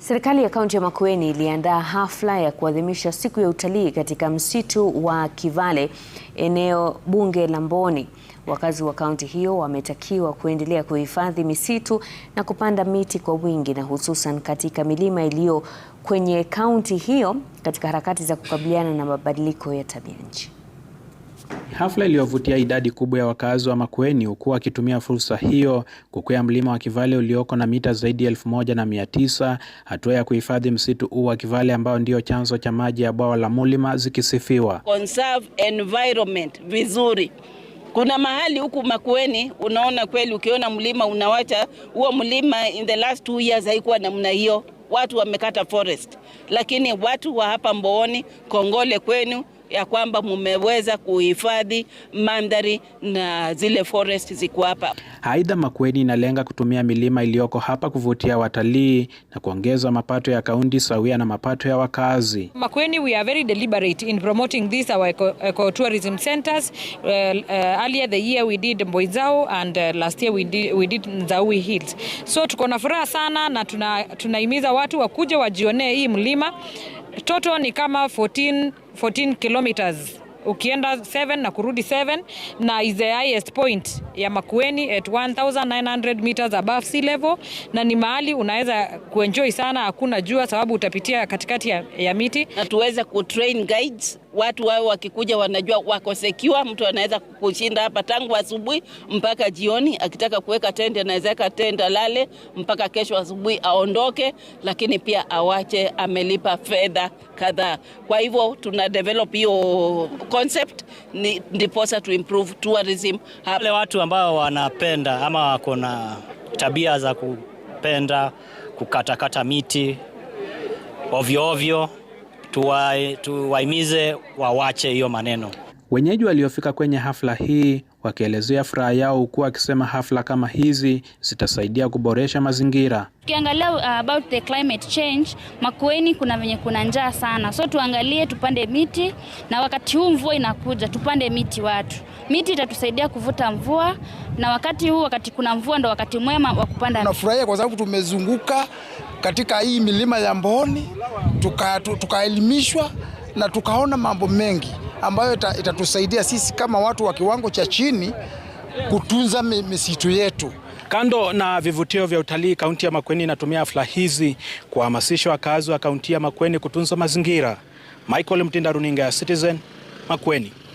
Serikali ya kaunti ya Makueni iliandaa hafla ya kuadhimisha siku ya utalii katika msitu wa Kivale, eneo bunge la Mboni. Wakazi wa kaunti hiyo wametakiwa kuendelea kuhifadhi misitu na kupanda miti kwa wingi na hususan katika milima iliyo kwenye kaunti hiyo katika harakati za kukabiliana na mabadiliko ya tabia nchi hafla iliyovutia idadi kubwa ya wakazi wa Makueni huku akitumia fursa hiyo kukwea mlima wa Kivale ulioko na mita zaidi ya elfu moja na mia tisa. Hatua ya kuhifadhi msitu huu wa Kivale ambao ndio chanzo cha maji ya bwawa la Mulima zikisifiwa. Conserve environment vizuri. Kuna mahali huku Makueni unaona kweli, ukiona mlima unawacha huo mlima. In the last two years haikuwa namna hiyo, watu wamekata forest, lakini watu wa hapa Mbooni, kongole kwenu ya kwamba mumeweza kuhifadhi mandhari na zile forest ziko hapa. Aidha, Makueni inalenga kutumia milima iliyoko hapa kuvutia watalii na kuongeza mapato ya kaunti sawia na mapato ya wakazi. Makueni, we are very deliberate in promoting this our eco, eco tourism centers. Uh, uh, earlier the year we did Mboizao and uh, last year we did, we did Nzawi Hills. So tuko na furaha sana na tunahimiza tuna watu wakuje wajionee hii mlima. Toto ni kama 14 14 kilometers ukienda 7 na kurudi 7 na is the highest point ya Makueni at 1900 meters above sea level, na ni mahali unaweza kuenjoy sana, hakuna jua sababu utapitia katikati ya, ya miti na tuweze train guides watu wao wakikuja wanajua wako secure. Mtu anaweza kushinda hapa tangu asubuhi mpaka jioni, akitaka kuweka tendi anawezeka tenda lale mpaka kesho asubuhi aondoke, lakini pia awache amelipa fedha kadhaa. Kwa hivyo tuna develop hiyo concept, ndiposa to improve tourism. Wale watu ambao wanapenda ama wako na tabia za kupenda kukatakata miti ovyo ovyo tuwahimize wawache hiyo maneno. Wenyeji waliofika kwenye hafla hii wakielezea furaha yao, huku akisema hafla kama hizi zitasaidia kuboresha mazingira. Tukiangalia uh, about the climate change, Makueni kuna venye kuna njaa sana, so tuangalie tupande miti, na wakati huu mvua inakuja tupande miti. Watu miti itatusaidia kuvuta mvua, na wakati huu, wakati kuna mvua ndo wakati mwema wa kupanda. Tunafurahia kwa sababu tumezunguka katika hii milima ya Mboni tukaelimishwa tuka na tukaona mambo mengi ambayo itatusaidia sisi kama watu wa kiwango cha chini kutunza misitu yetu. Kando na vivutio vya utalii, kaunti ya Makueni inatumia hafla hizi kuhamasisha wakazi wa kaunti ya Makueni kutunza mazingira. Michael Mtinda, runinga ya Citizen, Makueni.